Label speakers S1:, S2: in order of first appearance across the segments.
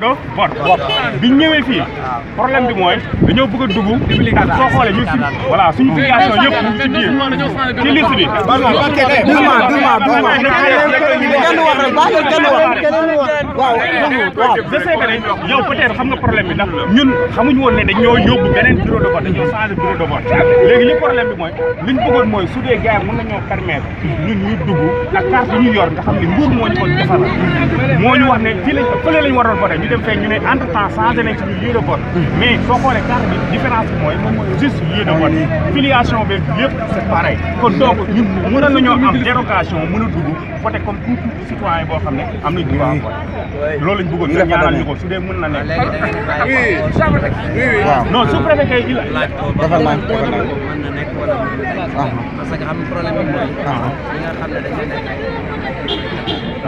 S1: do bor biñ ñëwee fii problème bi mooy dañoo bëgg a dugg ak soo xoolee ñu si voilà suñu situation yëpp ñu ci biir ci liste bi waaw waaw je sais que ne yow peut-être xam nga problème bi ndax ñun xamuñu woon ne dañoo yóbbu beneen bureau de vote dañoo changé bureau de vote léegi li problème bi mooy liñ bëggoon mooy su dee gars yi mën nañoo permettre ñun ñu dugg ak carte ñu yor nga xam ne nguur moo ñu ko defal moo ñu wax ne fii lañ fële lañ waroon voté ñu dem fee ñu ne entre temps changé nañ ci biir lieu de vote mais soo xoolee carte bi différence bi mooy moom mooy juste lieu de vote filiation bi yëpp c' est pareil kon donc ñun mënoon nañoo am dérogation mën a dugg voté comme tout citoyen boo xam ne am nañ droit vote loolu lañ bëggoon nga ñaanal ñu ko su dee mën na nekk non su préfet kay il defal naa defal naa mën na nekk wala ah. parce que xam problème bi mooy li ah. nga xam ne dañ nekk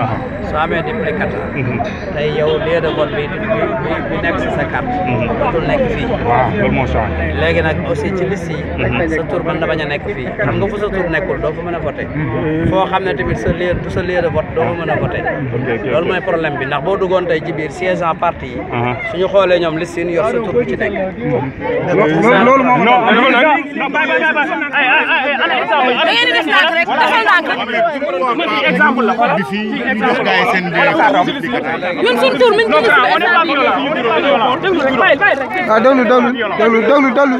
S1: ah. So I'm a deputy cutter. tey yow lieu de vote bi bi bi bi nekk si sa carte. dootul nekk fii. waaw loolu moo changé. léegi nag aussi ci liste yi. sa tur mën na bañ a nekk fii. xam nga fu sa tur nekkul doo fa mën a voté. foo xam ne tamit sa lieu sa lieu de vote doo fa mën a voté. loolu mooy problème bi ndax boo duggoon tey ci biir siège en parti yi. suñu xoolee ñoom liste yi ñu yor sa tur bi ci nekk. loolu moom non non non. da ngeen di def rek dafa ndànk rek. exemple la. ñun suñu tur mi ngi gis waaw ah, déglu déglu déglu déglu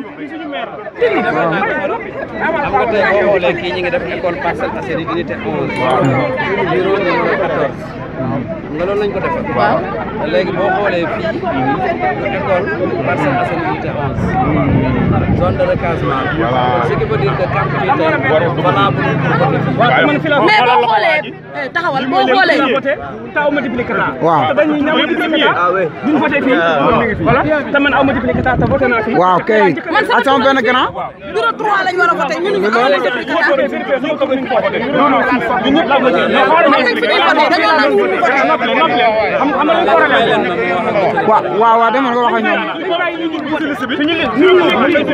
S1: am nga tey boo xoolee kii ñu ngi def école Parcelles Assainies unité 11 bureau numéro xam nga loolu lañ ko defal. waaw te léegi boo xoolee fii. école Parcelles Assainies unité 11. zone de recasement. voilà ce qui veut dire que carte bi tey. war a dugg waaw man fi la mais boo xoolee. taxawal boo xoolee. aw ma duplicata. waaw te dañuy ñaw ma duplicata. duñ voté fii. voilà te man aw ma duplicata te voté naa fii. waaw kay ak sama benn grand. bureau 3 lañ war a voté ñun ñu aw ma duplicata. non non. waaw waaw waaw demal nga wax ak ñoom. waaw dina dem dina dem ñëw dina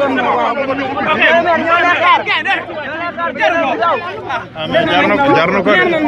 S1: dem ñëw waaw. amiin jaar na ko jaar na ko